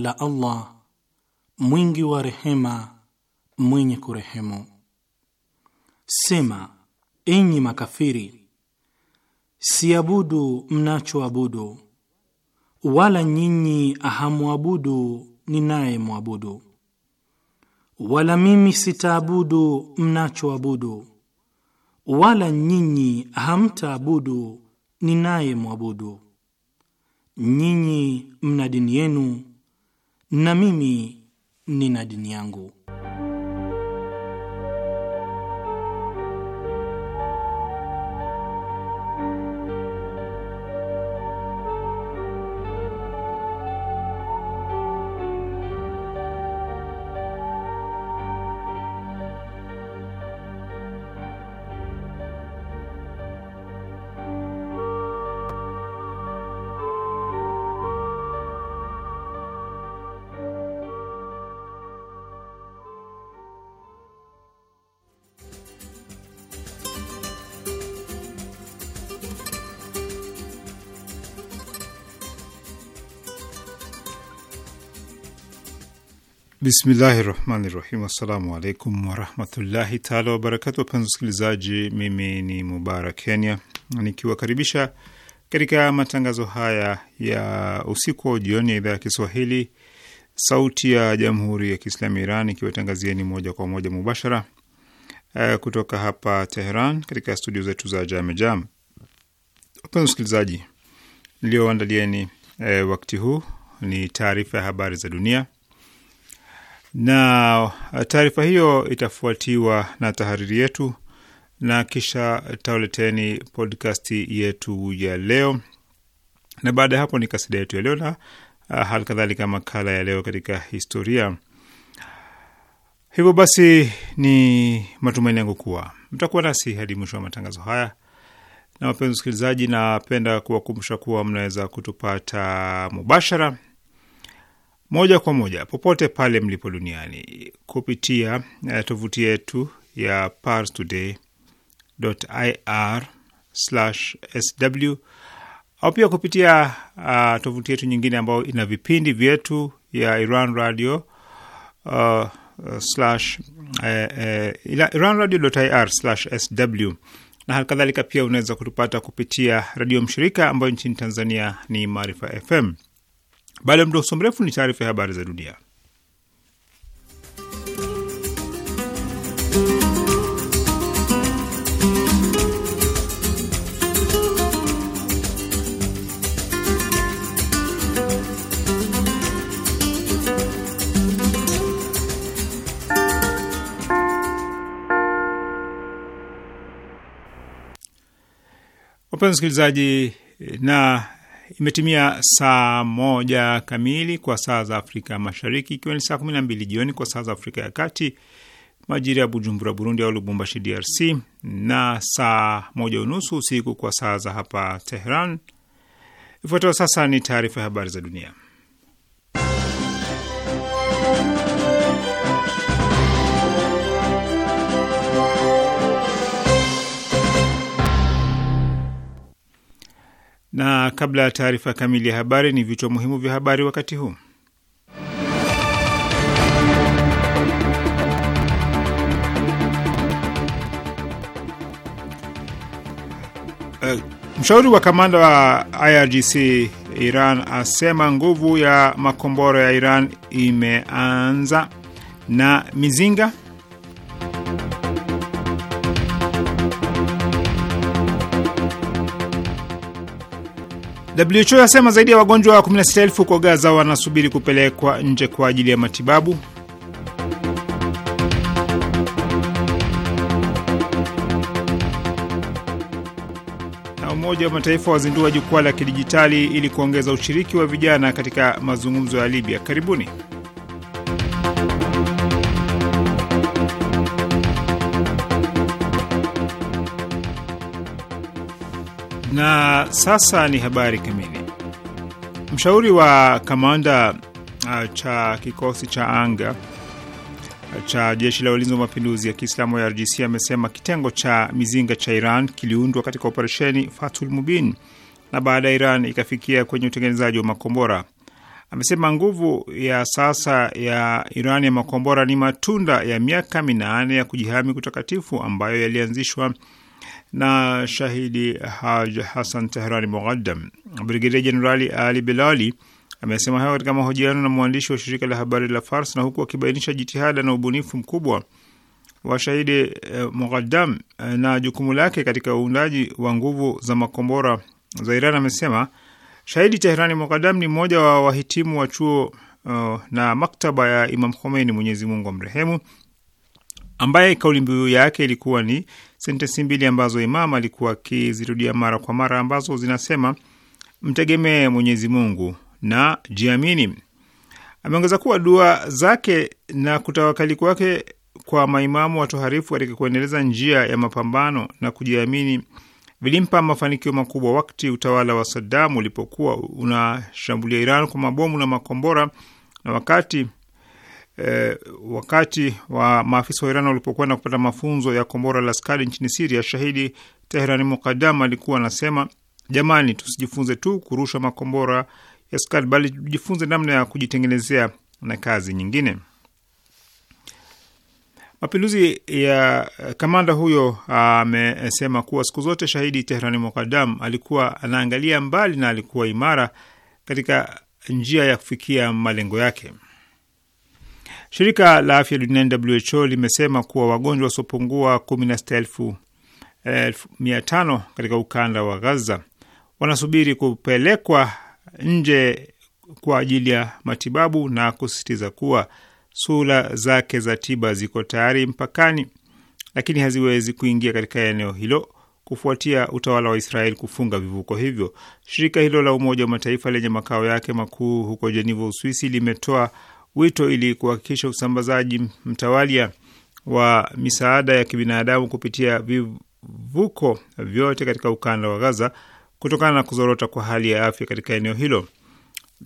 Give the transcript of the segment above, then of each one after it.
la Allah mwingi wa rehema mwenye kurehemu. Sema, enyi makafiri, siabudu mnachoabudu, wala nyinyi hamwabudu ninaye mwabudu, wala mimi sitaabudu mnachoabudu, wala nyinyi hamtaabudu ninaye mwabudu. Nyinyi mna dini yenu na mimi nina dini yangu. Bismillahi rahmani rahim. Assalamu alaikum warahmatullahi taala wabarakatu. Wapenzi wasikilizaji, mimi ni Mubarak Kenya nikiwakaribisha katika matangazo haya ya usiku wa jioni ya idhaa ya Kiswahili sauti ya jamhuri ya Kiislamu ya Iran ikiwatangazieni moja kwa moja mubashara eh, kutoka hapa Teheran katika studio zetu za Jamejam. Wapenzi wasikilizaji, nilioandalieni e, eh, wakti huu ni taarifa ya habari za dunia na uh, taarifa hiyo itafuatiwa na tahariri yetu na kisha tauleteni podkasti yetu ya leo, na baada ya hapo ni kasida yetu ya leo na uh, hali kadhalika makala ya leo katika historia. Hivyo basi, ni matumaini yangu kuwa mtakuwa nasi hadi mwisho wa matangazo haya. Na wapenzi wasikilizaji, napenda kuwakumbusha kuwa mnaweza kutupata mubashara moja kwa moja popote pale mlipo duniani kupitia eh, tovuti yetu ya parstoday.ir/sw au pia kupitia uh, tovuti yetu nyingine ambayo ina vipindi vyetu ya Iran Radio uh, uh, sw na hali kadhalika pia unaweza kutupata kupitia redio mshirika ambayo nchini Tanzania ni Maarifa FM. Baada ya mdoso mrefu ni taarifa ya habari za dunia. Wapenzi msikilizaji, na Imetimia saa moja kamili kwa saa za Afrika Mashariki, ikiwa ni saa kumi na mbili jioni kwa saa za Afrika ya Kati, majira ya Bujumbura Burundi au Lubumbashi DRC, na saa moja unusu usiku kwa saa za hapa Teheran. Ifuatayo sasa ni taarifa ya habari za dunia. Na kabla ya taarifa kamili ya habari, ni vichwa muhimu vya habari wakati huu. Uh, mshauri wa kamanda wa IRGC Iran asema nguvu ya makombora ya Iran imeanza na mizinga WHO yasema zaidi ya wagonjwa wa 16,000 huko Gaza wanasubiri kupelekwa nje kwa ajili ya matibabu. Na Umoja wa Mataifa wazindua jukwaa la kidijitali ili kuongeza ushiriki wa vijana katika mazungumzo ya Libya. Karibuni. Na sasa ni habari kamili. Mshauri wa kamanda uh, cha kikosi cha anga uh, cha jeshi la ulinzi wa mapinduzi ya Kiislamu ya RGC amesema kitengo cha mizinga cha Iran kiliundwa katika operesheni Fatul Mubin na baada ya Iran ikafikia kwenye utengenezaji wa makombora. Amesema nguvu ya sasa ya Iran ya makombora ni matunda ya miaka minane ya kujihami kutakatifu ambayo yalianzishwa na shahidi Haj Hasan Tehrani Mugaddam. Brigedia Jenerali Ali Bilali amesema hayo katika mahojiano na mwandishi wa shirika la habari la Fars, na huku akibainisha jitihada na ubunifu mkubwa wa shahidi eh, Mugaddam eh, na jukumu lake katika uundaji wa nguvu za makombora za Iran. Amesema shahidi Tehrani Mugaddam ni mmoja wa wahitimu wa chuo uh, na maktaba ya Imam Khomeini, Mwenyezi Mungu amrehemu, ambaye kauli mbiu yake ilikuwa ni sentensi mbili ambazo Imam alikuwa akizirudia mara kwa mara ambazo zinasema mtegemee Mwenyezi Mungu na jiamini. Ameongeza kuwa dua zake na kutawakali kwake kwa maimamu watoharifu katika kuendeleza njia ya mapambano na kujiamini vilimpa mafanikio makubwa. Wakati utawala wa Saddam ulipokuwa unashambulia Iran kwa mabomu na makombora na wakati eh, wakati wa maafisa wa Iran walipokwenda kupata mafunzo ya kombora la Skadi nchini Siria, shahidi teherani Mukadam alikuwa anasema, jamani, tusijifunze tu kurusha makombora ya Skadi, bali tujifunze namna ya kujitengenezea na kazi nyingine. Mapinduzi ya eh, kamanda huyo ah, amesema kuwa siku zote shahidi Tehrani Mukadam alikuwa anaangalia mbali na alikuwa imara katika njia ya kufikia malengo yake. Shirika la afya duniani WHO limesema kuwa wagonjwa wasiopungua 16,500 katika ukanda wa Gaza wanasubiri kupelekwa nje kwa ajili ya matibabu na kusisitiza kuwa sura zake za tiba ziko tayari mpakani, lakini haziwezi kuingia katika eneo hilo kufuatia utawala wa Israeli kufunga vivuko hivyo. Shirika hilo la Umoja wa Mataifa lenye makao yake makuu huko Jeniva, Uswisi, limetoa wito ili kuhakikisha usambazaji mtawalia wa misaada ya kibinadamu kupitia vivuko vyote katika ukanda wa Gaza kutokana na kuzorota kwa hali ya afya katika eneo hilo.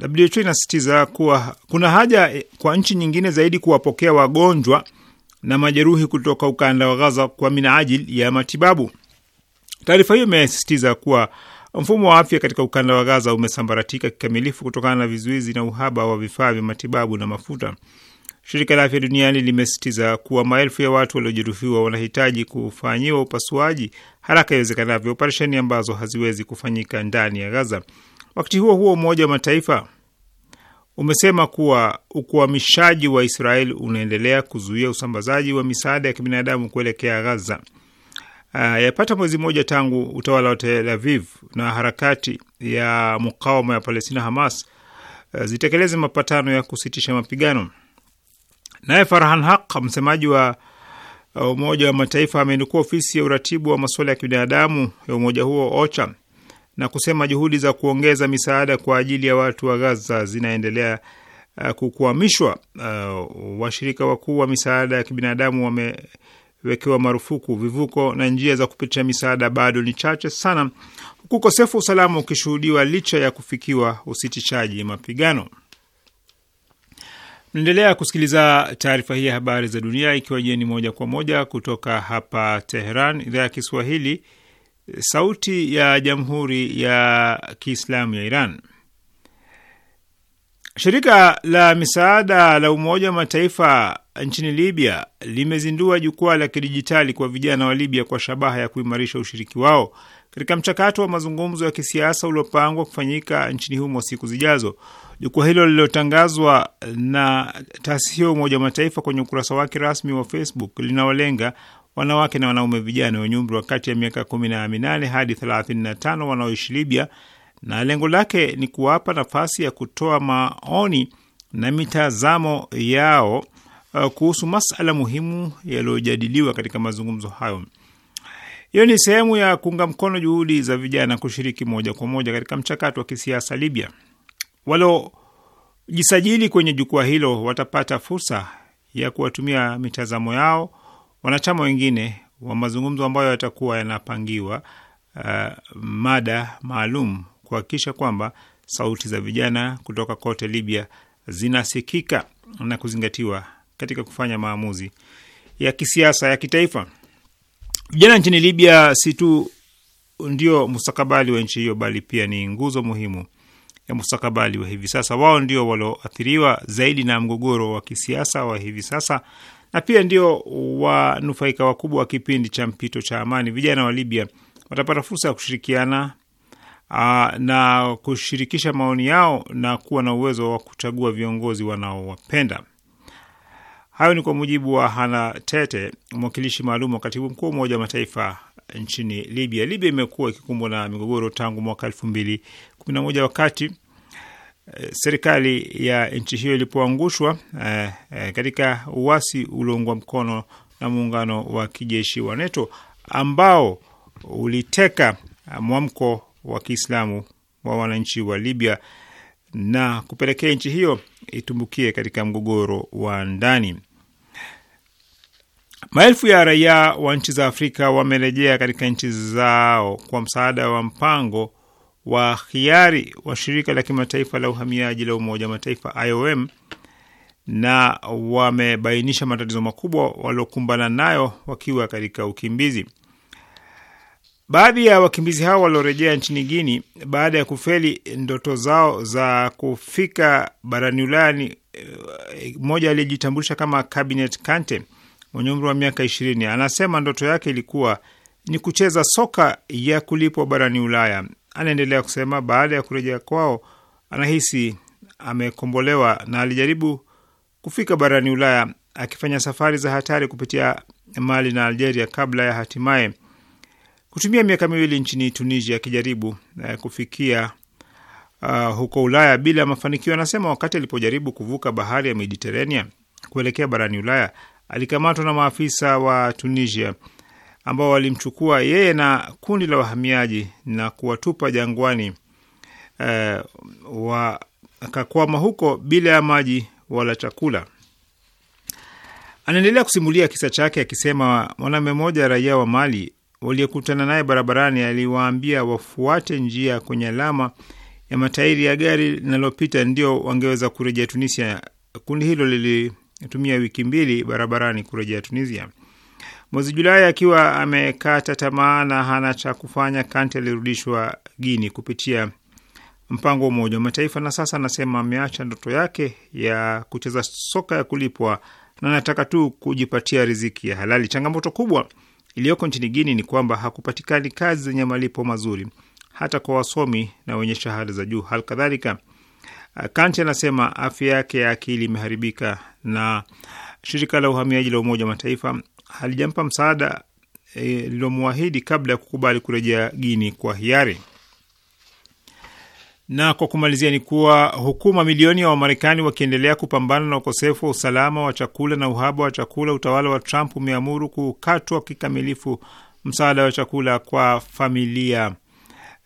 WHO inasisitiza kuwa kuna haja kwa nchi nyingine zaidi kuwapokea wagonjwa na majeruhi kutoka ukanda wa Gaza kwa minajili ya matibabu. Taarifa hiyo imesisitiza kuwa Mfumo wa afya katika ukanda wa Gaza umesambaratika kikamilifu kutokana na vizuizi na uhaba wa vifaa vya matibabu na mafuta. Shirika la Afya Duniani limesisitiza kuwa maelfu ya watu waliojeruhiwa wanahitaji kufanyiwa upasuaji haraka iwezekanavyo, operesheni ambazo haziwezi kufanyika ndani ya Gaza. Wakati huo huo, Umoja wa Mataifa umesema kuwa ukuamishaji wa Israeli unaendelea kuzuia usambazaji wa misaada ya kibinadamu kuelekea Gaza. Ah, yapata mwezi mmoja tangu utawala wa Tel Aviv na harakati ya mukawama ya Palestina Hamas ah, zitekeleze mapatano ya kusitisha mapigano. Naye Farhan Haq, msemaji wa ah, Umoja wa Mataifa, amenukua ofisi ya uratibu wa masuala ya kibinadamu ya umoja huo OCHA na kusema juhudi za kuongeza misaada kwa ajili ya watu wa Gaza zinaendelea kukwamishwa. Uh, washirika wakuu wa misaada ya kibinadamu wame wekewa marufuku vivuko na njia za kupitisha misaada bado ni chache sana, huku ukosefu wa usalama ukishuhudiwa licha ya kufikiwa usitishaji mapigano. Naendelea kusikiliza taarifa hii ya habari za dunia, ikiwa jeni moja kwa moja kutoka hapa Teheran, idhaa ya Kiswahili, sauti ya jamhuri ya kiislamu ya Iran. Shirika la misaada la Umoja wa Mataifa nchini Libya limezindua jukwaa la kidijitali kwa vijana wa Libya kwa shabaha ya kuimarisha ushiriki wao katika mchakato wa mazungumzo ya kisiasa uliopangwa kufanyika nchini humo siku zijazo. Jukwaa hilo lililotangazwa na taasisi ya Umoja wa Mataifa kwenye ukurasa wake rasmi wa Facebook linawalenga wanawake na wanaume vijana wenye umri wa kati ya miaka kumi na minane hadi thelathini na tano wanaoishi Libya, na lengo lake ni kuwapa nafasi ya kutoa maoni na mitazamo yao Uh, kuhusu masala muhimu yaliyojadiliwa katika mazungumzo hayo. Hiyo ni sehemu ya kuunga mkono juhudi za vijana kushiriki moja kwa moja katika mchakato wa kisiasa Libya. Waliojisajili kwenye jukwaa hilo watapata fursa ya kuwatumia mitazamo yao wanachama wengine wa mazungumzo ambayo yatakuwa yanapangiwa uh, mada maalum kuhakikisha kwamba sauti za vijana kutoka kote Libya zinasikika na kuzingatiwa katika kufanya maamuzi ya kisiasa ya kitaifa. Vijana nchini Libya si tu ndio mustakabali wa nchi hiyo, bali pia ni nguzo muhimu ya mustakabali wa hivi sasa. Wao ndio walioathiriwa zaidi na mgogoro wa kisiasa wa hivi sasa na pia ndio wanufaika wakubwa wa kipindi cha mpito cha amani. Vijana wa Libya watapata fursa ya kushirikiana aa, na kushirikisha maoni yao na kuwa na uwezo wa kuchagua viongozi wanaowapenda. Hayo ni kwa mujibu wa Hana Tete, mwakilishi maalum wa katibu mkuu wa Umoja wa Mataifa nchini Libya. Libya imekuwa ikikumbwa na migogoro tangu mwaka elfu mbili kumi na moja wakati eh, serikali ya nchi hiyo ilipoangushwa eh, eh, katika uasi ulioungwa mkono na muungano wa kijeshi wa NATO ambao uliteka mwamko wa Kiislamu wa wananchi wa Libya na kupelekea nchi hiyo itumbukie katika mgogoro wa ndani. Maelfu ya raia wa nchi za Afrika wamerejea katika nchi zao kwa msaada wa mpango wa hiari wa shirika la kimataifa la uhamiaji la Umoja wa Mataifa IOM na wamebainisha matatizo makubwa waliokumbana nayo wakiwa katika ukimbizi. Baadhi ya wakimbizi hao waliorejea nchini Guini baada ya kufeli ndoto zao za kufika barani Ulaya, mmoja eh, aliyejitambulisha kama Cabinet Kante mwenye umri wa miaka ishirini anasema ndoto yake ilikuwa ni kucheza soka ya kulipwa barani Ulaya. Anaendelea kusema baada ya kurejea kwao anahisi amekombolewa na alijaribu kufika barani Ulaya akifanya safari za hatari kupitia Mali na Algeria kabla ya hatimaye kutumia miaka miwili nchini Tunisia akijaribu eh, kufikia uh, huko Ulaya bila mafanikio. Anasema wakati alipojaribu kuvuka bahari ya Mediterania kuelekea barani Ulaya alikamatwa na maafisa wa Tunisia ambao walimchukua yeye na kundi la wahamiaji na kuwatupa jangwani. E, eh, wakakwama huko bila ya maji wala chakula. Anaendelea kusimulia kisa chake akisema, mwanaume mmoja raia wa Mali waliokutana naye barabarani aliwaambia wafuate njia kwenye alama ya matairi ya gari linalopita ndio wangeweza kurejea Tunisia. Kundi hilo lili ametumia wiki mbili barabarani kurejea Tunisia. Mwezi Julai akiwa amekata tamaa na hana cha kufanya, Kanti alirudishwa Guini kupitia mpango wa Umoja wa Mataifa, na sasa anasema ameacha ndoto yake ya kucheza soka ya kulipwa na anataka tu kujipatia riziki ya halali. Changamoto kubwa iliyoko nchini Guini ni kwamba hakupatikani kazi zenye malipo mazuri hata kwa wasomi na wenye shahada za juu. Hali kadhalika Kanche anasema afya yake ya akili imeharibika na shirika la uhamiaji la Umoja wa Mataifa halijampa msaada e, lilomwahidi kabla ya kukubali kurejea Guini kwa hiari. Na kwa kumalizia ni kuwa huku mamilioni ya Wamarekani wakiendelea kupambana na ukosefu wa usalama wa chakula na uhaba wa chakula, utawala wa Trump umeamuru kukatwa kikamilifu msaada wa chakula kwa familia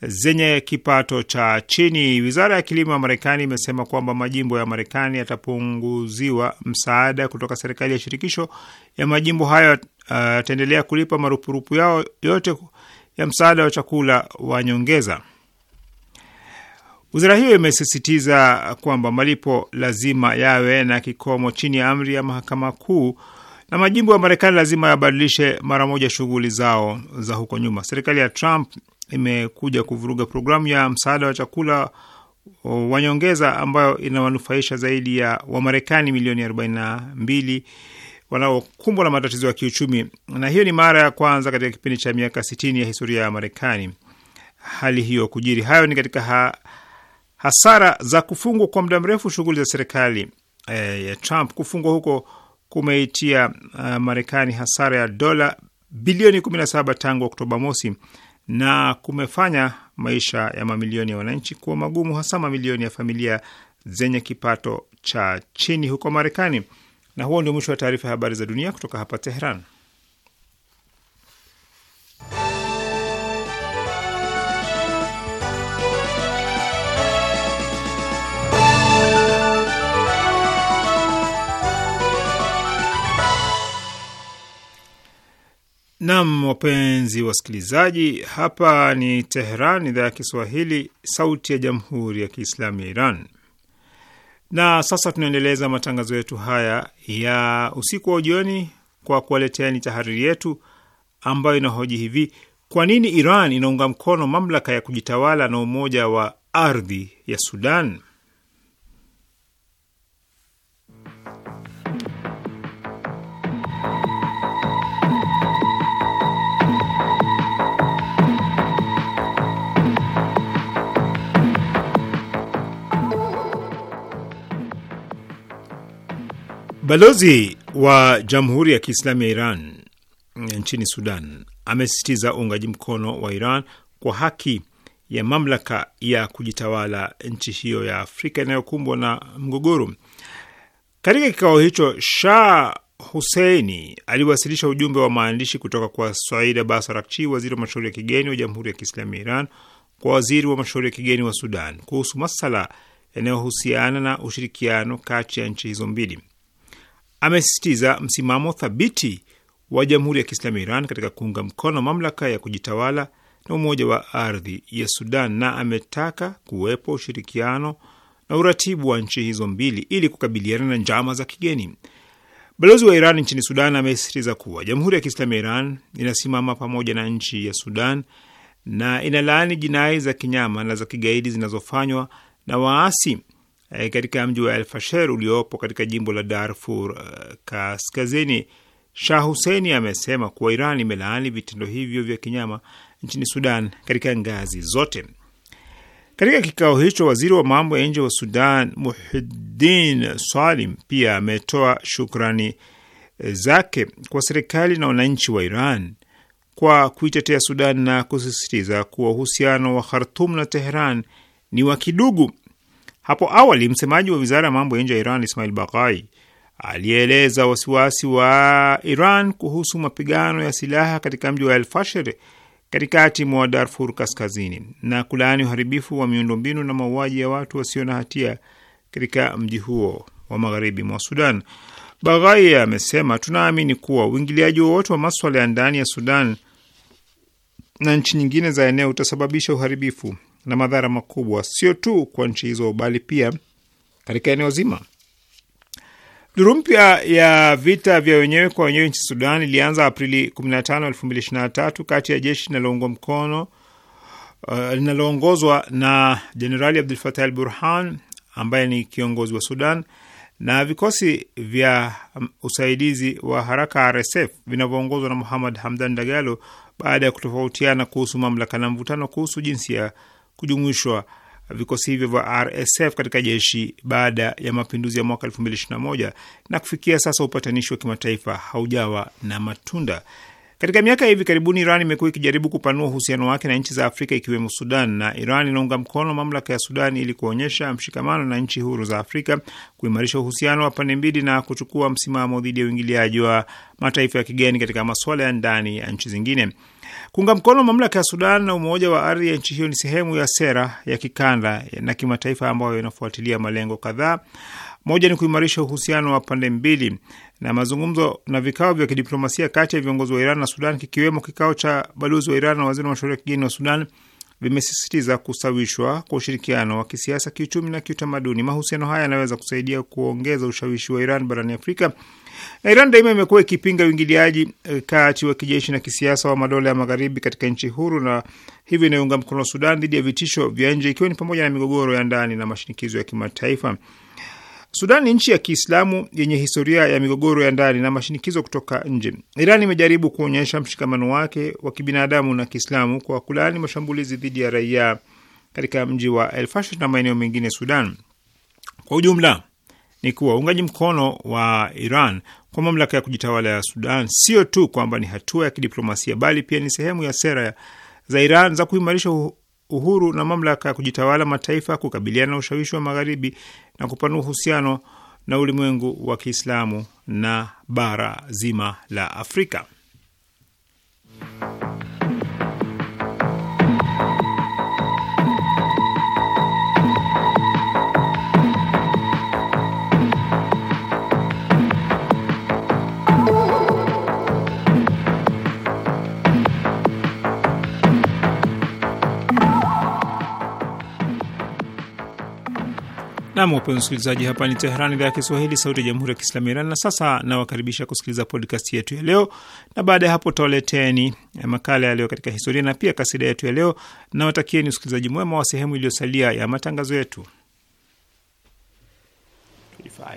zenye kipato cha chini. Wizara ya kilimo ya Marekani imesema kwamba majimbo ya Marekani yatapunguziwa msaada kutoka serikali ya shirikisho ya majimbo hayo, uh, yataendelea uh, kulipa marupurupu yao yote ya msaada wa chakula wa nyongeza. Wizara hiyo imesisitiza kwamba malipo lazima yawe na kikomo chini ya amri ya mahakama kuu na majimbo ya Marekani lazima yabadilishe mara moja shughuli zao za huko nyuma. Serikali ya Trump imekuja kuvuruga programu ya msaada wa chakula wa nyongeza ambayo inawanufaisha zaidi ya Wamarekani milioni 42 wanaokumbwa na matatizo ya kiuchumi, na hiyo ni mara ya kwanza katika kipindi cha miaka 60 ya historia ya Marekani hali hiyo kujiri. Hayo ni katika ha hasara za kufungwa kwa muda mrefu shughuli za serikali e, ya Trump. Kufungwa huko kumeitia uh, Marekani hasara ya dola bilioni 17 tangu Oktoba mosi na kumefanya maisha ya mamilioni ya wananchi kuwa magumu, hasa mamilioni ya familia zenye kipato cha chini huko Marekani. Na huo ndio mwisho wa taarifa ya habari za dunia kutoka hapa Teheran. Nam, wapenzi wasikilizaji, hapa ni Teheran, idhaa ya Kiswahili, sauti ya jamhuri ya kiislamu ya Iran. Na sasa tunaendeleza matangazo yetu haya ya usiku wa ujioni kwa kuwaleteani tahariri yetu ambayo inahoji hivi: kwa nini Iran inaunga mkono mamlaka ya kujitawala na umoja wa ardhi ya Sudan? Balozi wa Jamhuri ya Kiislamu ya Iran eh, nchini Sudan amesisitiza uungaji mkono wa Iran kwa haki ya mamlaka ya kujitawala nchi hiyo ya Afrika inayokumbwa na mgogoro. Katika kikao hicho, Shah Huseini aliwasilisha ujumbe wa maandishi kutoka kwa Said Abbas Arakchi, waziri wa mashauri ya kigeni wa Jamhuri ya Kiislamu ya Iran, kwa waziri wa mashauri ya kigeni wa Sudan kuhusu masala yanayohusiana na ushirikiano kati ya nchi hizo mbili amesisitiza msimamo thabiti wa Jamhuri ya Kiislamu ya Iran katika kuunga mkono mamlaka ya kujitawala na umoja wa ardhi ya Sudan na ametaka kuwepo ushirikiano na uratibu wa nchi hizo mbili ili kukabiliana na njama za kigeni. Balozi wa Iran nchini Sudan amesisitiza kuwa Jamhuri ya Kiislamu ya Iran inasimama pamoja na nchi ya Sudan na inalaani jinai za kinyama na za kigaidi zinazofanywa na waasi Eh, katika mji wa elfasher uliopo katika jimbo la Darfur eh, kaskazini. Shah huseini amesema kuwa Iran imelaani vitendo hivyo vya kinyama nchini Sudan katika ngazi zote. Katika kikao hicho, waziri wa mambo ya nje wa Sudan Muhiddin Salim pia ametoa shukrani eh, zake kwa serikali na wananchi wa Iran kwa kuitetea Sudan na kusisitiza kuwa uhusiano wa Khartum na Teheran ni wa kidugu. Hapo awali msemaji wa wizara ya mambo ya nje ya Iran Ismail Bakai alieleza wasiwasi wa Iran kuhusu mapigano ya silaha katika mji wa elfasher katikati mwa Darfur kaskazini na kulaani uharibifu wa miundombinu na mauaji ya watu wasio na hatia katika mji huo wa magharibi mwa Sudan. Baghai amesema, tunaamini kuwa uingiliaji wowote wa maswala ya ndani ya Sudan na nchi nyingine za eneo utasababisha uharibifu na madhara makubwa sio tu kwa nchi hizo bali pia katika eneo zima. Duru mpya ya vita vya wenyewe kwa wenyewe nchi Sudan ilianza Aprili 15, 2023 kati ya jeshi linaloungwa mkono uh, linaloongozwa uh, na Jenerali Abdul Fatah al Burhan ambaye ni kiongozi wa Sudan na vikosi vya um, usaidizi wa haraka RSF vinavyoongozwa na Muhamad Hamdan Dagalo baada ya kutofautiana kuhusu mamlaka na mvutano kuhusu jinsi ya kujumuishwa vikosi hivyo vya RSF katika jeshi baada ya mapinduzi ya mwaka 2021 na kufikia sasa upatanishi wa kimataifa haujawa na matunda. Katika miaka ya hivi karibuni, Iran imekuwa ikijaribu kupanua uhusiano wake na nchi za Afrika ikiwemo Sudan, na Iran inaunga mkono mamlaka ya Sudan ili kuonyesha mshikamano na nchi huru za Afrika, kuimarisha uhusiano wa pande mbili na kuchukua msimamo dhidi ya uingiliaji wa mataifa ya kigeni katika masuala ya ndani ya nchi zingine. Kuunga mkono mamlaka ya Sudan na umoja wa ardhi ya nchi hiyo ni sehemu ya sera ya kikanda na kimataifa ambayo inafuatilia malengo kadhaa. Moja ni kuimarisha uhusiano wa pande mbili na mazungumzo na vikao vya kidiplomasia kati ya viongozi wa Iran na Sudan, kikiwemo kikao cha balozi wa Iran na waziri wa mashauri ya kigeni wa Sudan vimesisitiza kusawishwa kwa ushirikiano wa kisiasa, kiuchumi na kiutamaduni. Mahusiano haya yanaweza kusaidia kuongeza ushawishi wa Iran barani Afrika Iran daima imekuwa ikipinga uingiliaji eh, kati wa kijeshi na kisiasa wa madola ya magharibi katika nchi huru na hivyo inayounga mkono Sudan dhidi ya vitisho vya nje ikiwa ni pamoja na migogoro ya ndani na mashinikizo ya kimataifa. Sudan ni nchi ya Kiislamu yenye historia ya migogoro ya ndani na mashinikizo kutoka nje. Iran imejaribu kuonyesha mshikamano wake wa kibinadamu na Kiislamu kwa kulaani mashambulizi dhidi ya raia katika mji wa El Fasher na maeneo mengine Sudan. Kwa ujumla, ni kuwa uungaji mkono wa Iran kwa mamlaka ya kujitawala ya Sudan sio tu kwamba ni hatua ya kidiplomasia, bali pia ni sehemu ya sera za Iran za kuimarisha uhuru na mamlaka ya kujitawala mataifa, kukabiliana na ushawishi wa Magharibi na kupanua uhusiano na ulimwengu wa Kiislamu na bara zima la Afrika. Nam, wapenzi msikilizaji, hapa ni Teheran, idhaa ya Kiswahili, sauti ya jamhuri ya kiislamu ya Iran. Na sasa nawakaribisha kusikiliza podcast yetu ya leo, na baada ya hapo tutawaleteni eh, makala ya leo katika historia na pia kasida yetu ya leo. Nawatakieni usikilizaji mwema wa sehemu iliyosalia ya matangazo yetu 25.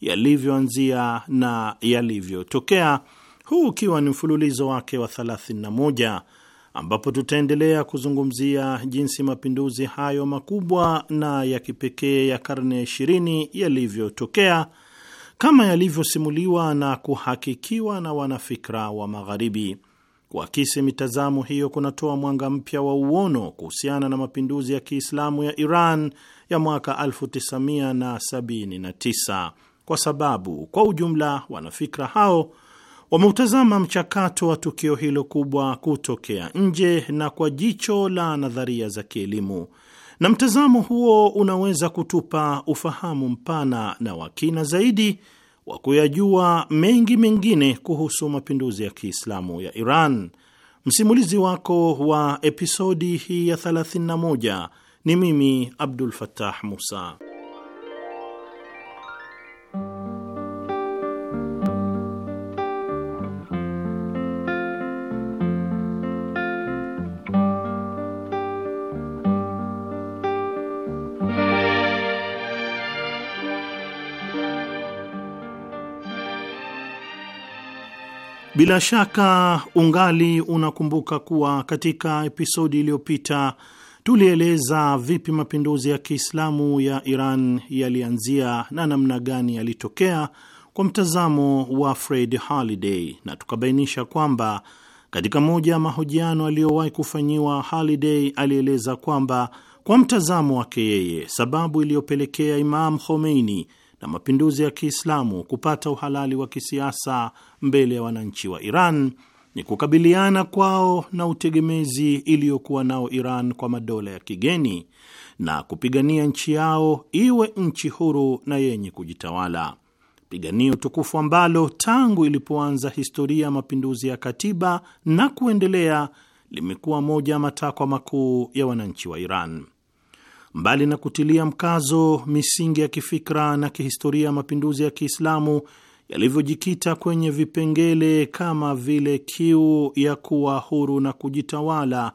yalivyoanzia na yalivyotokea, huu ukiwa ni mfululizo wake wa 31 ambapo tutaendelea kuzungumzia jinsi mapinduzi hayo makubwa na ya kipekee ya karne ya 20 yalivyotokea kama yalivyosimuliwa na kuhakikiwa na wanafikra wa Magharibi. Kuakisi mitazamo hiyo kunatoa mwanga mpya wa uono kuhusiana na mapinduzi ya Kiislamu ya Iran ya mwaka 1979 kwa sababu kwa ujumla wanafikra hao wameutazama mchakato wa tukio hilo kubwa kutokea nje na kwa jicho la nadharia za kielimu, na mtazamo huo unaweza kutupa ufahamu mpana na wa kina zaidi wa kuyajua mengi mengine kuhusu mapinduzi ya Kiislamu ya Iran. Msimulizi wako wa episodi hii ya 31 ni mimi Abdul Fattah Musa. Bila shaka ungali unakumbuka kuwa katika episodi iliyopita tulieleza vipi mapinduzi ya Kiislamu ya Iran yalianzia na namna gani yalitokea kwa mtazamo wa Fred Haliday, na tukabainisha kwamba katika moja ya mahojiano aliyowahi kufanyiwa, Haliday alieleza kwamba kwa mtazamo wake yeye, sababu iliyopelekea Imam Khomeini na mapinduzi ya Kiislamu kupata uhalali wa kisiasa mbele ya wananchi wa Iran ni kukabiliana kwao na utegemezi iliyokuwa nao Iran kwa madola ya kigeni na kupigania nchi yao iwe nchi huru na yenye kujitawala, piganio tukufu ambalo tangu ilipoanza historia ya mapinduzi ya katiba na kuendelea limekuwa moja ya matakwa makuu ya wananchi wa Iran. Mbali na kutilia mkazo misingi ya kifikra na kihistoria ya mapinduzi ya Kiislamu yalivyojikita kwenye vipengele kama vile kiu ya kuwa huru na kujitawala,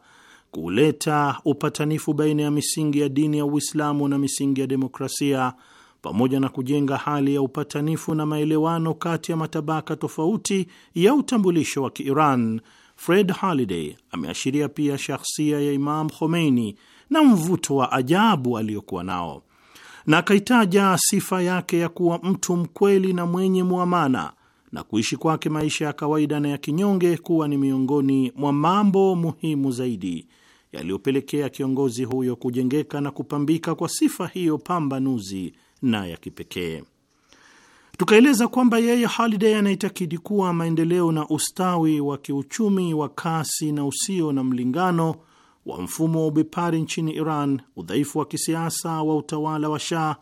kuleta upatanifu baina ya misingi ya dini ya Uislamu na misingi ya demokrasia, pamoja na kujenga hali ya upatanifu na maelewano kati ya matabaka tofauti ya utambulisho wa Kiiran. Fred Haliday ameashiria pia shahsia ya Imam Khomeini na mvuto wa ajabu aliyokuwa nao, na akaitaja sifa yake ya kuwa mtu mkweli na mwenye muamana na kuishi kwake maisha ya kawaida na ya kinyonge kuwa ni miongoni mwa mambo muhimu zaidi yaliyopelekea kiongozi huyo kujengeka na kupambika kwa sifa hiyo pambanuzi na ya kipekee. Tukaeleza kwamba yeye haliday anaitakidi kuwa maendeleo na ustawi wa kiuchumi wa kasi na usio na mlingano wa mfumo wa ubepari nchini Iran, udhaifu wa kisiasa wa utawala wa Shah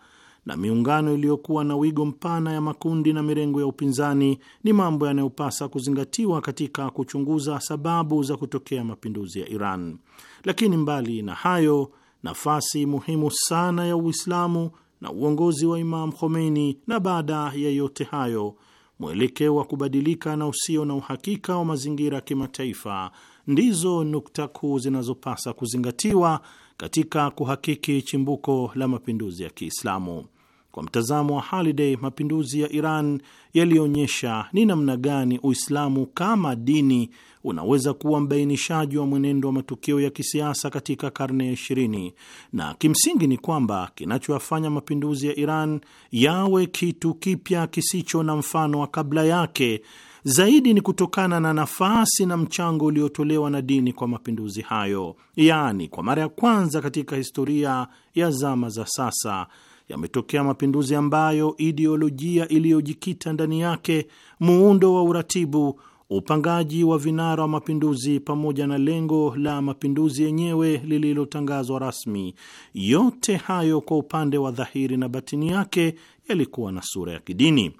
na miungano iliyokuwa na wigo mpana ya makundi na mirengo ya upinzani ni mambo yanayopasa kuzingatiwa katika kuchunguza sababu za kutokea mapinduzi ya Iran. Lakini mbali na hayo, nafasi muhimu sana ya Uislamu na uongozi wa Imam Khomeini, na baada ya yote hayo, mwelekeo wa kubadilika na usio na uhakika wa mazingira ya kimataifa ndizo nukta kuu zinazopasa kuzingatiwa katika kuhakiki chimbuko la mapinduzi ya Kiislamu. Kwa mtazamo wa Haliday, mapinduzi ya Iran yalionyesha ni namna gani Uislamu kama dini unaweza kuwa mbainishaji wa mwenendo wa matukio ya kisiasa katika karne ya ishirini, na kimsingi ni kwamba kinachoyafanya mapinduzi ya Iran yawe kitu kipya kisicho na mfano wa kabla yake zaidi ni kutokana na nafasi na mchango uliotolewa na dini kwa mapinduzi hayo, yaani kwa mara ya kwanza katika historia ya zama za sasa yametokea mapinduzi ambayo ideolojia iliyojikita ndani yake, muundo wa uratibu, upangaji wa vinara wa mapinduzi, pamoja na lengo la mapinduzi yenyewe lililotangazwa rasmi, yote hayo kwa upande wa dhahiri na batini yake yalikuwa na sura ya kidini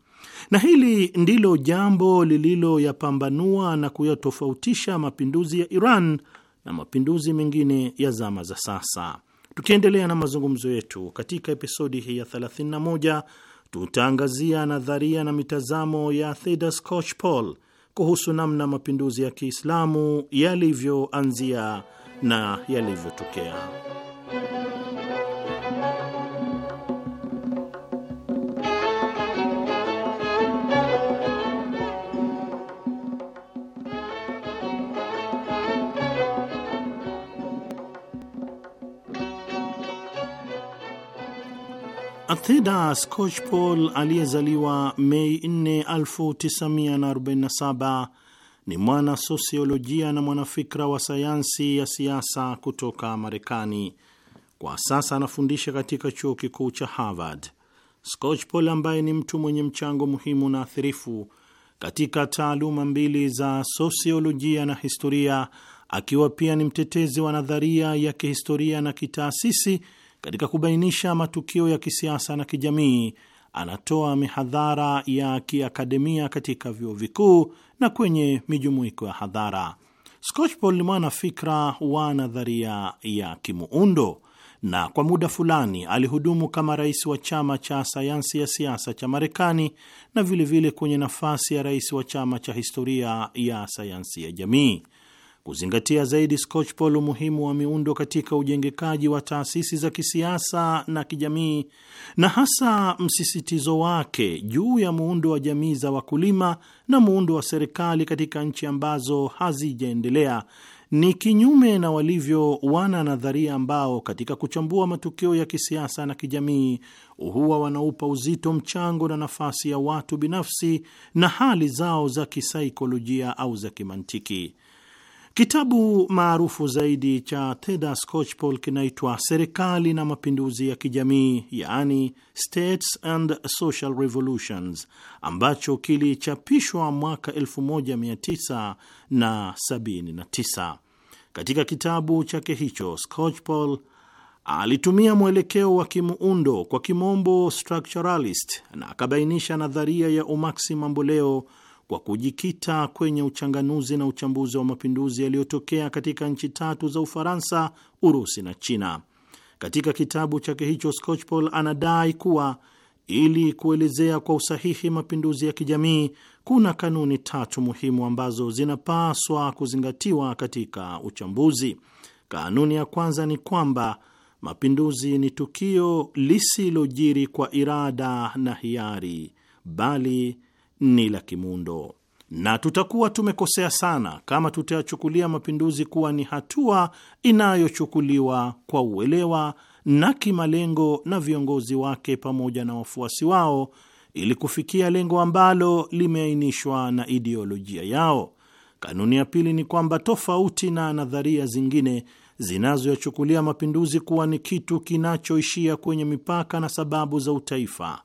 na hili ndilo jambo lililoyapambanua na kuyatofautisha mapinduzi ya Iran na mapinduzi mengine ya zama za sasa. Tukiendelea na mazungumzo yetu katika episodi hii ya 31, tutaangazia nadharia na mitazamo ya Theda Koch-Paul kuhusu namna mapinduzi ya Kiislamu yalivyoanzia na yalivyotokea. Atheda Scotchpol aliyezaliwa Mei 4, 1947 ni mwana sosiolojia na mwanafikra wa sayansi ya siasa kutoka Marekani. Kwa sasa anafundisha katika chuo kikuu cha Harvard. Scotchpol ambaye ni mtu mwenye mchango muhimu na athirifu katika taaluma mbili za sosiolojia na historia, akiwa pia ni mtetezi wa nadharia ya kihistoria na kitaasisi katika kubainisha matukio ya kisiasa na kijamii, anatoa mihadhara ya kiakademia katika vyuo vikuu na kwenye mijumuiko ya hadhara. Skocpol ni mwanafikra wa nadharia ya kimuundo na kwa muda fulani alihudumu kama rais wa chama cha sayansi ya siasa cha Marekani na vilevile vile kwenye nafasi ya rais wa chama cha historia ya sayansi ya jamii kuzingatia zaidi Skocpol umuhimu wa miundo katika ujengekaji wa taasisi za kisiasa na kijamii, na hasa msisitizo wake juu ya muundo wa jamii za wakulima na muundo wa serikali katika nchi ambazo hazijaendelea ni kinyume na walivyo wana nadharia ambao katika kuchambua matukio ya kisiasa na kijamii huwa wanaupa uzito mchango na nafasi ya watu binafsi na hali zao za kisaikolojia au za kimantiki. Kitabu maarufu zaidi cha Theda Skocpol kinaitwa Serikali na Mapinduzi ya Kijamii, yaani States and Social Revolutions, ambacho kilichapishwa mwaka 1979. Katika kitabu chake hicho Skocpol alitumia mwelekeo wa kimuundo kwa kimombo structuralist, na akabainisha nadharia ya umaksi mamboleo kwa kujikita kwenye uchanganuzi na uchambuzi wa mapinduzi yaliyotokea katika nchi tatu za Ufaransa, Urusi na China. Katika kitabu chake hicho, Skocpol anadai kuwa ili kuelezea kwa usahihi mapinduzi ya kijamii kuna kanuni tatu muhimu ambazo zinapaswa kuzingatiwa katika uchambuzi. Kanuni ya kwanza ni kwamba mapinduzi ni tukio lisilojiri kwa irada na hiari, bali ni la kimundo, na tutakuwa tumekosea sana kama tutayachukulia mapinduzi kuwa ni hatua inayochukuliwa kwa uelewa na kimalengo na viongozi wake pamoja na wafuasi wao ili kufikia lengo ambalo limeainishwa na ideolojia yao. Kanuni ya pili ni kwamba tofauti na nadharia zingine zinazoyachukulia mapinduzi kuwa ni kitu kinachoishia kwenye mipaka na sababu za utaifa,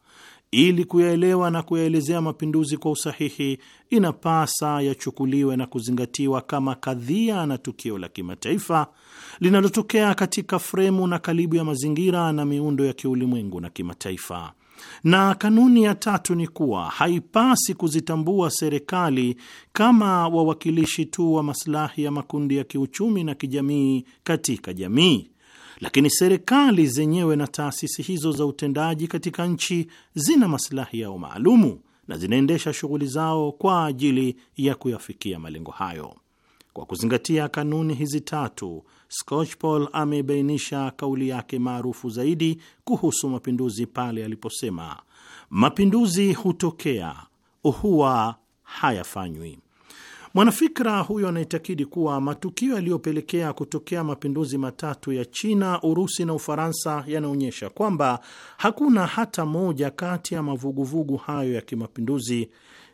ili kuyaelewa na kuyaelezea mapinduzi kwa usahihi, inapasa yachukuliwe na kuzingatiwa kama kadhia na tukio la kimataifa linalotokea katika fremu na kalibu ya mazingira na miundo ya kiulimwengu na kimataifa. Na kanuni ya tatu ni kuwa haipasi kuzitambua serikali kama wawakilishi tu wa maslahi ya makundi ya kiuchumi na kijamii katika jamii lakini serikali zenyewe na taasisi hizo za utendaji katika nchi zina masilahi yao maalumu na zinaendesha shughuli zao kwa ajili ya kuyafikia malengo hayo. Kwa kuzingatia kanuni hizi tatu, Scotchpol amebainisha kauli yake maarufu zaidi kuhusu mapinduzi pale aliposema, mapinduzi hutokea, huwa hayafanywi. Mwanafikra huyo anaitakidi kuwa matukio yaliyopelekea kutokea mapinduzi matatu ya China, Urusi na Ufaransa yanaonyesha kwamba hakuna hata moja kati ya mavuguvugu hayo ya kimapinduzi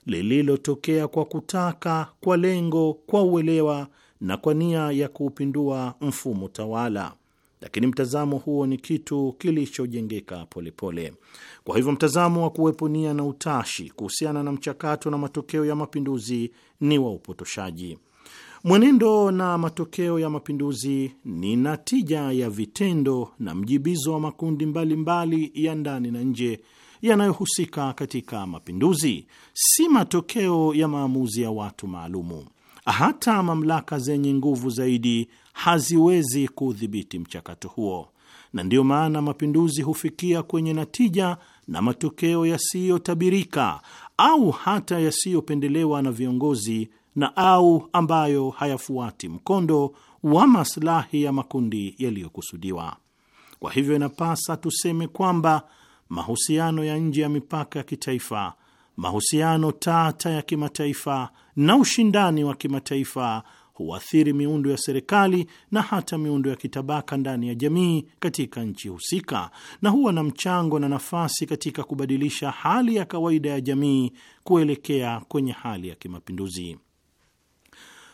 lililotokea kwa kutaka, kwa lengo, kwa uelewa na kwa nia ya kuupindua mfumo tawala lakini mtazamo huo ni kitu kilichojengeka polepole. Kwa hivyo mtazamo wa kuwepo nia na utashi kuhusiana na mchakato na matokeo ya mapinduzi ni wa upotoshaji. Mwenendo na matokeo ya mapinduzi ni natija ya vitendo na mjibizo wa makundi mbalimbali mbali ya ndani na nje yanayohusika katika mapinduzi, si matokeo ya maamuzi ya watu maalumu. Hata mamlaka zenye nguvu zaidi haziwezi kuudhibiti mchakato huo, na ndiyo maana mapinduzi hufikia kwenye natija na matokeo yasiyotabirika au hata yasiyopendelewa na viongozi na au ambayo hayafuati mkondo wa maslahi ya makundi yaliyokusudiwa. Kwa hivyo, inapasa tuseme kwamba mahusiano ya nje ya mipaka ya kitaifa, mahusiano tata ya kimataifa na ushindani wa kimataifa huathiri miundo ya serikali na hata miundo ya kitabaka ndani ya jamii katika nchi husika, na huwa na mchango na nafasi katika kubadilisha hali ya kawaida ya jamii kuelekea kwenye hali ya kimapinduzi.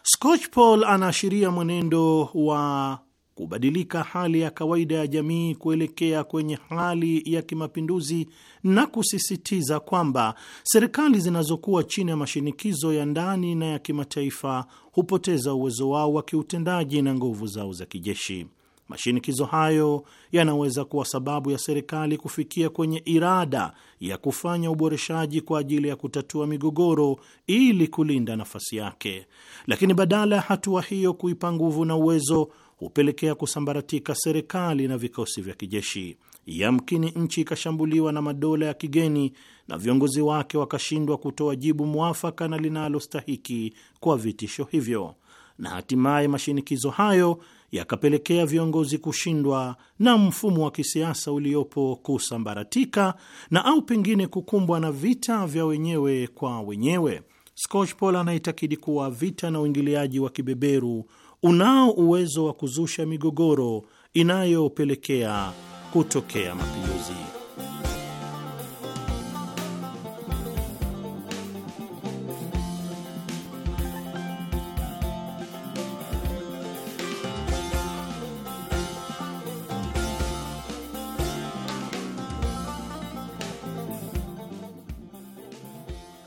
Skocpol anaashiria mwenendo wa kubadilika hali ya kawaida ya jamii kuelekea kwenye hali ya kimapinduzi na kusisitiza kwamba serikali zinazokuwa chini ya mashinikizo ya ndani na ya kimataifa hupoteza uwezo wao wa kiutendaji na nguvu zao za kijeshi. Mashinikizo hayo yanaweza kuwa sababu ya serikali kufikia kwenye irada ya kufanya uboreshaji kwa ajili ya kutatua migogoro ili kulinda nafasi yake, lakini badala ya hatua hiyo kuipa nguvu na uwezo hupelekea kusambaratika serikali na vikosi vya kijeshi. Yamkini nchi ikashambuliwa na madola ya kigeni na viongozi wake wakashindwa kutoa jibu mwafaka na linalostahiki kwa vitisho hivyo, na hatimaye mashinikizo hayo yakapelekea viongozi kushindwa na mfumo wa kisiasa uliopo kusambaratika na au pengine kukumbwa na vita vya wenyewe kwa wenyewe. Scotchpol anaitakidi kuwa vita na uingiliaji wa kibeberu unao uwezo wa kuzusha migogoro inayopelekea kutokea mapinduzi.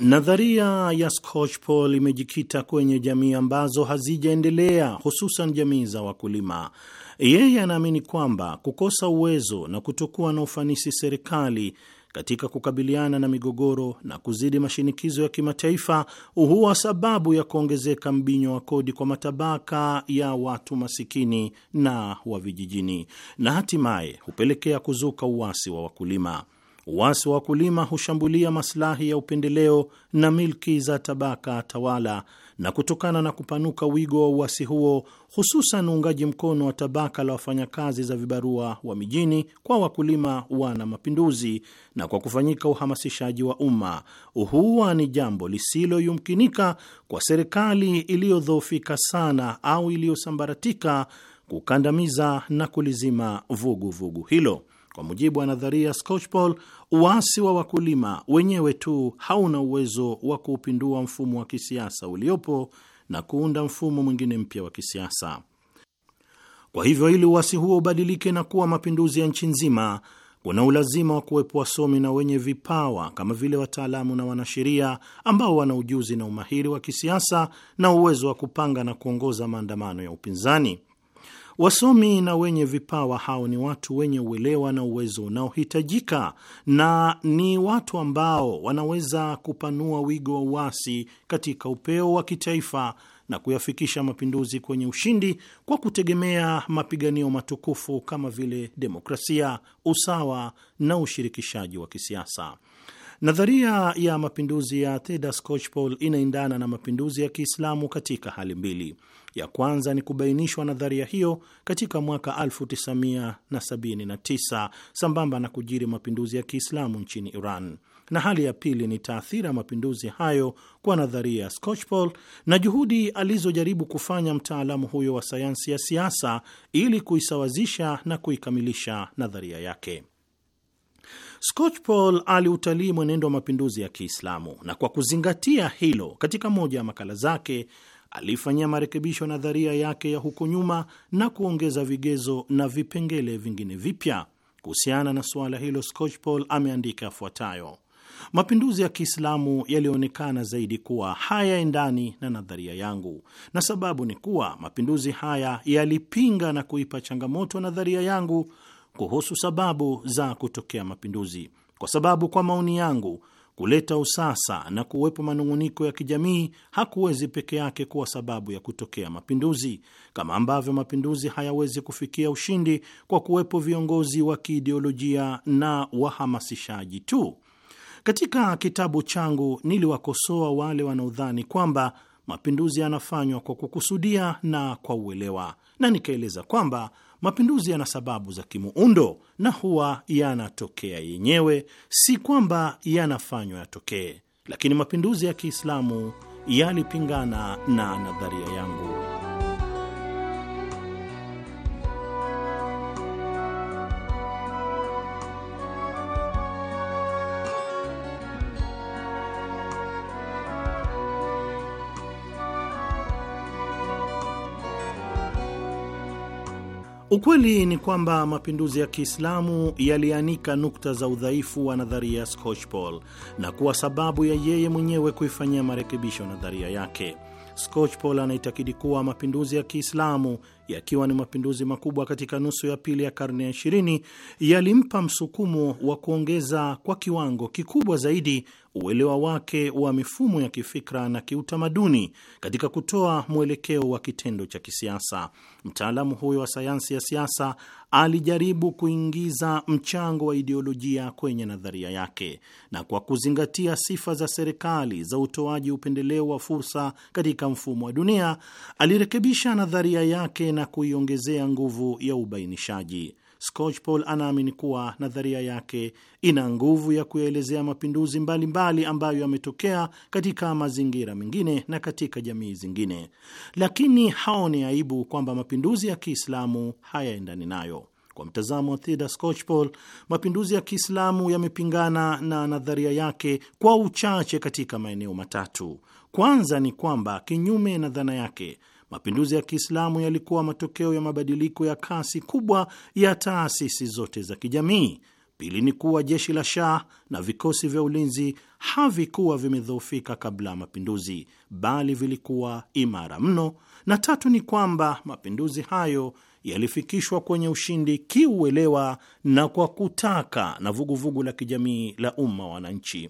Nadharia ya Skocpol imejikita kwenye jamii ambazo hazijaendelea, hususan jamii za wakulima. Yeye anaamini kwamba kukosa uwezo na kutokuwa na ufanisi serikali katika kukabiliana na migogoro na kuzidi mashinikizo ya kimataifa huwa sababu ya kuongezeka mbinyo wa kodi kwa matabaka ya watu masikini na wa vijijini, na hatimaye hupelekea kuzuka uasi wa wakulima. Wasi wa wakulima hushambulia maslahi ya upendeleo na milki za tabaka tawala, na kutokana na kupanuka wigo wa uasi huo, hususan uungaji mkono wa tabaka la wafanyakazi za vibarua wa mijini kwa wakulima wana mapinduzi, na kwa kufanyika uhamasishaji wa umma, huwa ni jambo lisiloyumkinika kwa serikali iliyodhoofika sana au iliyosambaratika kukandamiza na kulizima vuguvugu vugu hilo. Kwa mujibu wa nadharia Skocpol, uasi wa wakulima wenyewe tu hauna uwezo wa kuupindua mfumo wa kisiasa uliopo na kuunda mfumo mwingine mpya wa kisiasa. Kwa hivyo, ili uasi huo ubadilike na kuwa mapinduzi ya nchi nzima, kuna ulazima wa kuwepo wasomi na wenye vipawa kama vile wataalamu na wanasheria ambao wana ujuzi na umahiri wa kisiasa na uwezo wa kupanga na kuongoza maandamano ya upinzani. Wasomi na wenye vipawa hao ni watu wenye uelewa na uwezo unaohitajika na ni watu ambao wanaweza kupanua wigo wa uasi katika upeo wa kitaifa na kuyafikisha mapinduzi kwenye ushindi kwa kutegemea mapiganio matukufu kama vile demokrasia, usawa na ushirikishaji wa kisiasa. Nadharia ya mapinduzi ya Theda Skocpol inaendana na mapinduzi ya Kiislamu katika hali mbili. Ya kwanza ni kubainishwa nadharia hiyo katika mwaka 1979 sambamba na kujiri mapinduzi ya Kiislamu nchini Iran, na hali ya pili ni taathira ya mapinduzi hayo kwa nadharia ya Scotchpol na juhudi alizojaribu kufanya mtaalamu huyo wa sayansi ya siasa ili kuisawazisha na kuikamilisha nadharia yake. Scotchpol aliutalii mwenendo wa mapinduzi ya Kiislamu na kwa kuzingatia hilo, katika moja ya makala zake alifanyia marekebisho nadharia yake ya huko nyuma na kuongeza vigezo na vipengele vingine vipya. Kuhusiana na suala hilo, Scotchpol ameandika yafuatayo: Mapinduzi ya Kiislamu yalionekana zaidi kuwa hayaendani na nadharia yangu, na sababu ni kuwa mapinduzi haya yalipinga na kuipa changamoto nadharia yangu kuhusu sababu za kutokea mapinduzi, kwa sababu kwa maoni yangu kuleta usasa na kuwepo manung'uniko ya kijamii hakuwezi peke yake kuwa sababu ya kutokea mapinduzi, kama ambavyo mapinduzi hayawezi kufikia ushindi kwa kuwepo viongozi wa kiideolojia na wahamasishaji tu. Katika kitabu changu niliwakosoa wale wanaodhani kwamba mapinduzi yanafanywa kwa kukusudia na kwa uelewa, na nikaeleza kwamba Mapinduzi yana sababu za kimuundo na huwa yanatokea yenyewe, si kwamba yanafanywa yatokee. Lakini mapinduzi ya Kiislamu yalipingana na nadharia yangu. Ukweli ni kwamba mapinduzi ya Kiislamu yalianika nukta za udhaifu wa nadharia ya Skocpol na kuwa sababu ya yeye mwenyewe kuifanyia marekebisho nadharia yake. Skocpol anaitakidi kuwa mapinduzi ya Kiislamu yakiwa ni mapinduzi makubwa katika nusu ya pili ya karne ya ishirini, yalimpa msukumo wa kuongeza kwa kiwango kikubwa zaidi uelewa wake wa mifumo ya kifikra na kiutamaduni katika kutoa mwelekeo wa kitendo cha kisiasa. Mtaalamu huyo wa sayansi ya siasa alijaribu kuingiza mchango wa ideolojia kwenye nadharia yake, na kwa kuzingatia sifa za serikali za utoaji upendeleo wa fursa katika mfumo wa dunia, alirekebisha nadharia yake na na kuiongezea nguvu ya ubainishaji. Skocpol anaamini kuwa nadharia yake ina nguvu ya kuyaelezea mapinduzi mbalimbali mbali ambayo yametokea katika mazingira mengine na katika jamii zingine, lakini haoni aibu kwamba mapinduzi ya Kiislamu hayaendani nayo. Kwa mtazamo wa Theda Skocpol, mapinduzi ya Kiislamu yamepingana na nadharia yake kwa uchache katika maeneo matatu. Kwanza ni kwamba kinyume na dhana yake, Mapinduzi ya Kiislamu yalikuwa matokeo ya mabadiliko ya kasi kubwa ya taasisi zote za kijamii. Pili ni kuwa jeshi la Shah na vikosi vya ulinzi havikuwa vimedhoofika kabla ya mapinduzi, bali vilikuwa imara mno, na tatu ni kwamba mapinduzi hayo yalifikishwa kwenye ushindi kiuelewa na kwa kutaka na vuguvugu vugu la kijamii la umma wananchi.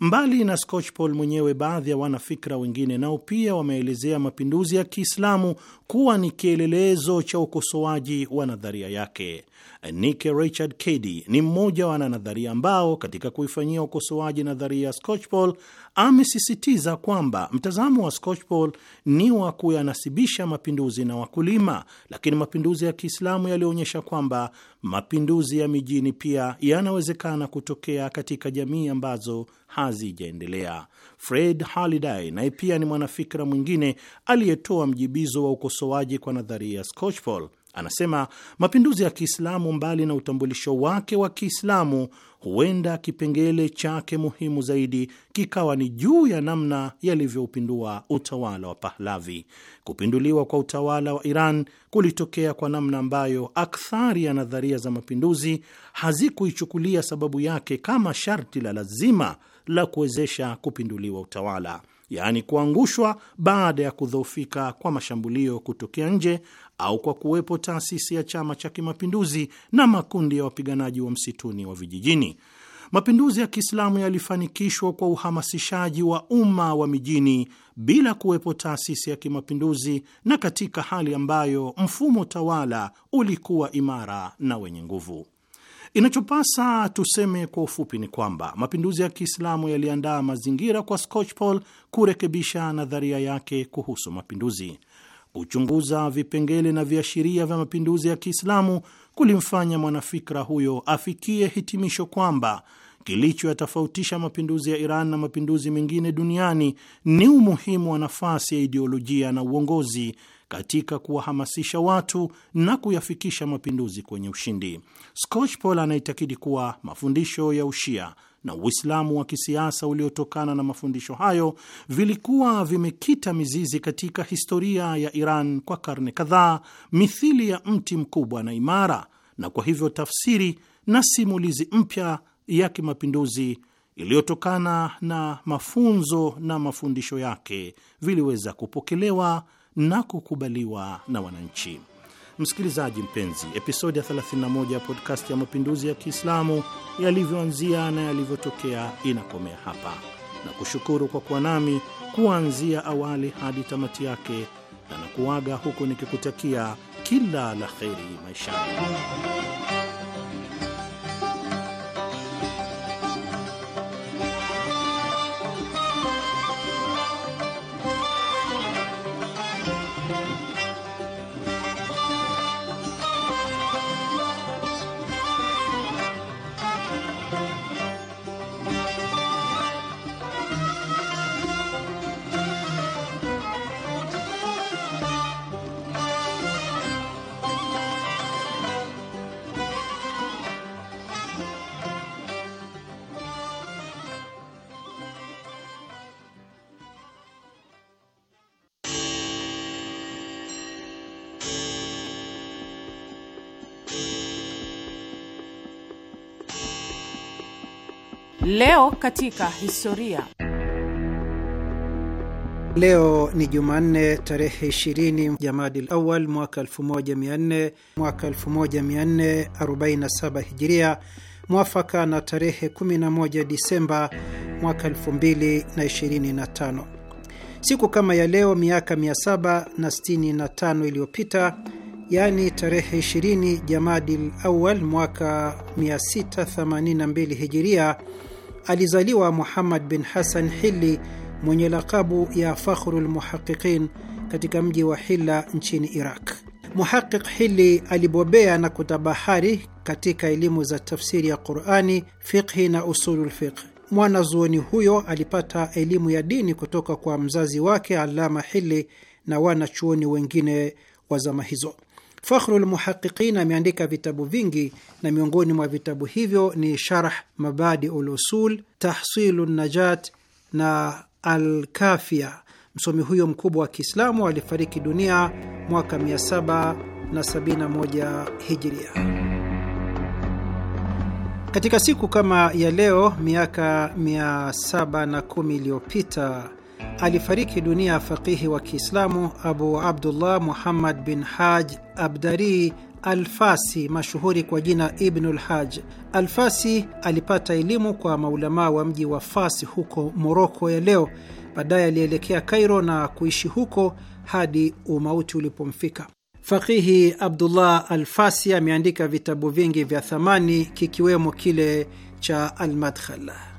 Mbali na scotchpol mwenyewe, baadhi ya wanafikra wengine nao pia wameelezea mapinduzi ya Kiislamu kuwa ni kielelezo cha ukosoaji wa nadharia yake. nik Richard Cady ni mmoja wa wananadharia ambao katika kuifanyia ukosoaji nadharia ya Skocpol amesisitiza kwamba mtazamo wa Skocpol ni wa kuyanasibisha mapinduzi na wakulima, lakini mapinduzi ya Kiislamu yaliyoonyesha kwamba mapinduzi ya mijini pia yanawezekana kutokea katika jamii ambazo hazijaendelea. Fred Haliday naye pia ni mwanafikra mwingine aliyetoa mjibizo wa ukosoaji kwa nadharia Skocpol. Anasema mapinduzi ya Kiislamu, mbali na utambulisho wake wa Kiislamu, huenda kipengele chake muhimu zaidi kikawa ni juu ya namna yalivyoupindua utawala wa Pahlavi. Kupinduliwa kwa utawala wa Iran kulitokea kwa namna ambayo akthari ya nadharia za mapinduzi hazikuichukulia sababu yake kama sharti la lazima la kuwezesha kupinduliwa utawala yaani kuangushwa baada ya kudhoofika kwa mashambulio kutokea nje au kwa kuwepo taasisi ya chama cha kimapinduzi na makundi ya wapiganaji wa msituni wa vijijini. Mapinduzi ya Kiislamu yalifanikishwa kwa uhamasishaji wa umma wa mijini bila kuwepo taasisi ya kimapinduzi na katika hali ambayo mfumo tawala ulikuwa imara na wenye nguvu. Inachopasa tuseme kwa ufupi ni kwamba mapinduzi ya Kiislamu yaliandaa mazingira kwa Scotchpol kurekebisha nadharia yake kuhusu mapinduzi. Kuchunguza vipengele na viashiria vya mapinduzi ya Kiislamu kulimfanya mwanafikra huyo afikie hitimisho kwamba kilichoyatofautisha mapinduzi ya Iran na mapinduzi mengine duniani ni umuhimu wa nafasi ya idiolojia na uongozi katika kuwahamasisha watu na kuyafikisha mapinduzi kwenye ushindi. Skocpol anaitakidi kuwa mafundisho ya Ushia na Uislamu wa kisiasa uliotokana na mafundisho hayo vilikuwa vimekita mizizi katika historia ya Iran kwa karne kadhaa, mithili ya mti mkubwa na imara, na kwa hivyo tafsiri na simulizi mpya ya kimapinduzi iliyotokana na mafunzo na mafundisho yake viliweza kupokelewa na kukubaliwa na wananchi. Msikilizaji mpenzi, episodi ya 31 ya podcast ya mapinduzi ya Kiislamu yalivyoanzia na yalivyotokea inakomea hapa, na kushukuru kwa kuwa nami kuanzia awali hadi tamati yake, na nakuaga huku nikikutakia kila la kheri maishani. Leo katika historia. Leo ni Jumanne tarehe 20 Jamadil Awal mwaka mwaka 1447 Hijiria, mwafaka na tarehe 11 Disemba mwaka 2025. Siku kama ya leo miaka 765 iliyopita, yaani tarehe 20 Jamadil Awal mwaka 682 Hijiria alizaliwa Muhammad bin Hasan Hili mwenye lakabu ya Fakhru lmuhaqiqin katika mji wa Hilla nchini Iraq. Muhaqiq Hili alibobea na kutabahari katika elimu za tafsiri ya Qurani, fiqhi na usulul fiqh. Mwanazuoni huyo alipata elimu ya dini kutoka kwa mzazi wake Alama Hili na wanachuoni wengine wa zama hizo. Fakhrul Muhaqiqin ameandika vitabu vingi na miongoni mwa vitabu hivyo ni Sharh Mabadiul Usul, tahsilu Najat na Alkafia. Msomi huyo mkubwa wa Kiislamu alifariki dunia mwaka 771 Hijiria. Katika siku kama ya leo miaka 710 iliyopita alifariki dunia faqihi wa Kiislamu Abu Abdullah Muhammad bin Haj Abdari Alfasi mashuhuri kwa jina Ibnul Haj. Alfasi alipata elimu kwa maulamaa wa mji wa Fas huko Moroko ya leo. Baadaye alielekea Kairo na kuishi huko hadi umauti ulipomfika. Fakihi Abdullah Alfasi ameandika vitabu vingi vya thamani kikiwemo kile cha Almadkhala.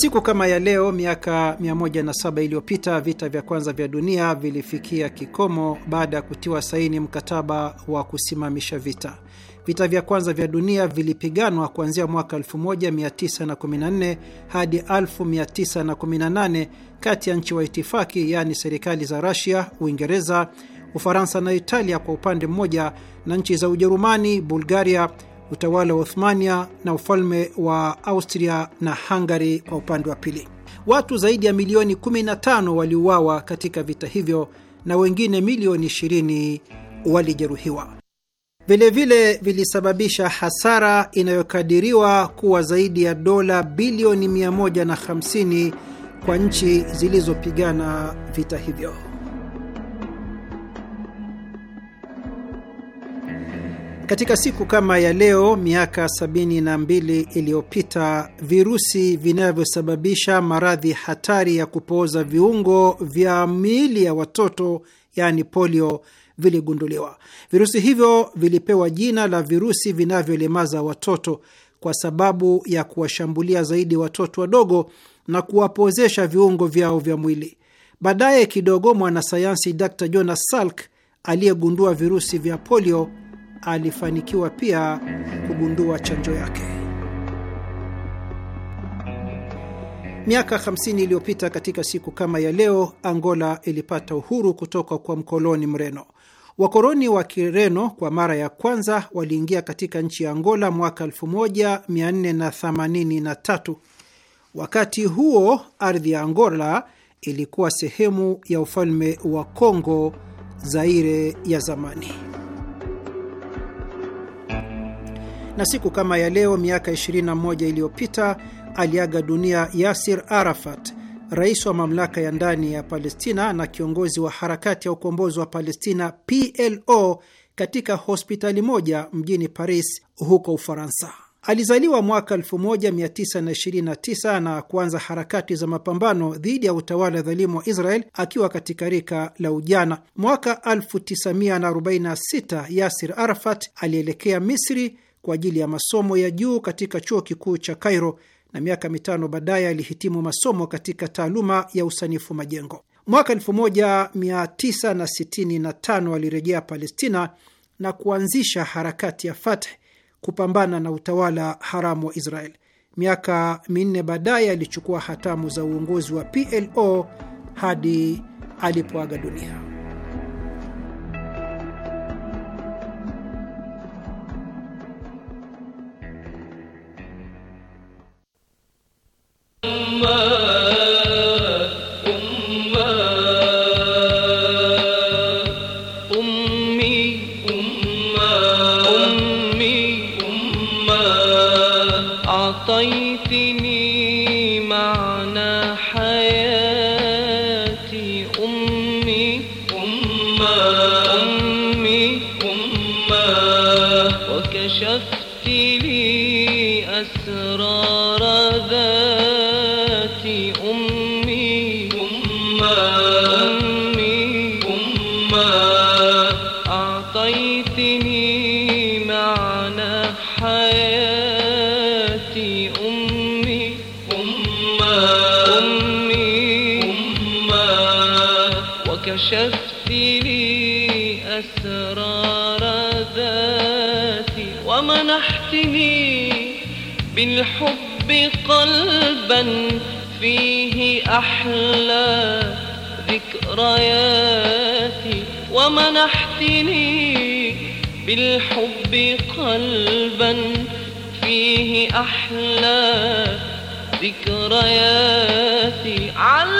Siku kama ya leo miaka 107 iliyopita vita vya kwanza vya dunia vilifikia kikomo baada ya kutiwa saini mkataba wa kusimamisha vita. Vita vya kwanza vya dunia vilipiganwa kuanzia mwaka 1914 hadi 1918 kati ya nchi wa itifaki, yaani serikali za Rasia, Uingereza, Ufaransa na Italia kwa upande mmoja na nchi za Ujerumani, Bulgaria, utawala wa Uthmania na ufalme wa Austria na Hungary kwa upande wa pili. Watu zaidi ya milioni 15 waliuawa katika vita hivyo na wengine milioni 20 walijeruhiwa. Vilevile vilisababisha hasara inayokadiriwa kuwa zaidi ya dola bilioni 150 kwa nchi zilizopigana vita hivyo. Katika siku kama ya leo miaka 72 iliyopita virusi vinavyosababisha maradhi hatari ya kupooza viungo vya miili ya watoto yaani polio viligunduliwa. Virusi hivyo vilipewa jina la virusi vinavyolemaza watoto kwa sababu ya kuwashambulia zaidi watoto wadogo na kuwapozesha viungo vyao vya mwili. Baadaye kidogo mwanasayansi Dr Jonas Salk aliyegundua virusi vya polio alifanikiwa pia kugundua chanjo yake. Miaka 50 iliyopita katika siku kama ya leo, Angola ilipata uhuru kutoka kwa mkoloni Mreno. Wakoloni wa Kireno kwa mara ya kwanza waliingia katika nchi ya Angola mwaka 1483. Wakati huo ardhi ya Angola ilikuwa sehemu ya ufalme wa Kongo Zaire ya zamani na siku kama ya leo miaka 21 iliyopita aliaga dunia Yasir Arafat, rais wa mamlaka ya ndani ya Palestina na kiongozi wa harakati ya ukombozi wa Palestina PLO katika hospitali moja mjini Paris huko Ufaransa. Alizaliwa mwaka 1929 na kuanza harakati za mapambano dhidi ya utawala dhalimu wa Israel akiwa katika rika la ujana. Mwaka 1946 Yasir Arafat alielekea Misri kwa ajili ya masomo ya juu katika chuo kikuu cha Cairo na miaka mitano baadaye alihitimu masomo katika taaluma ya usanifu majengo. Mwaka 1965 alirejea Palestina na kuanzisha harakati ya Fatah kupambana na utawala haramu wa Israel. Miaka minne baadaye alichukua hatamu za uongozi wa PLO hadi alipoaga dunia. بالحب قلبا فيه أحلى ذكرياتي ومنحتني بالحب قلبا فيه أحلى ذكرياتي على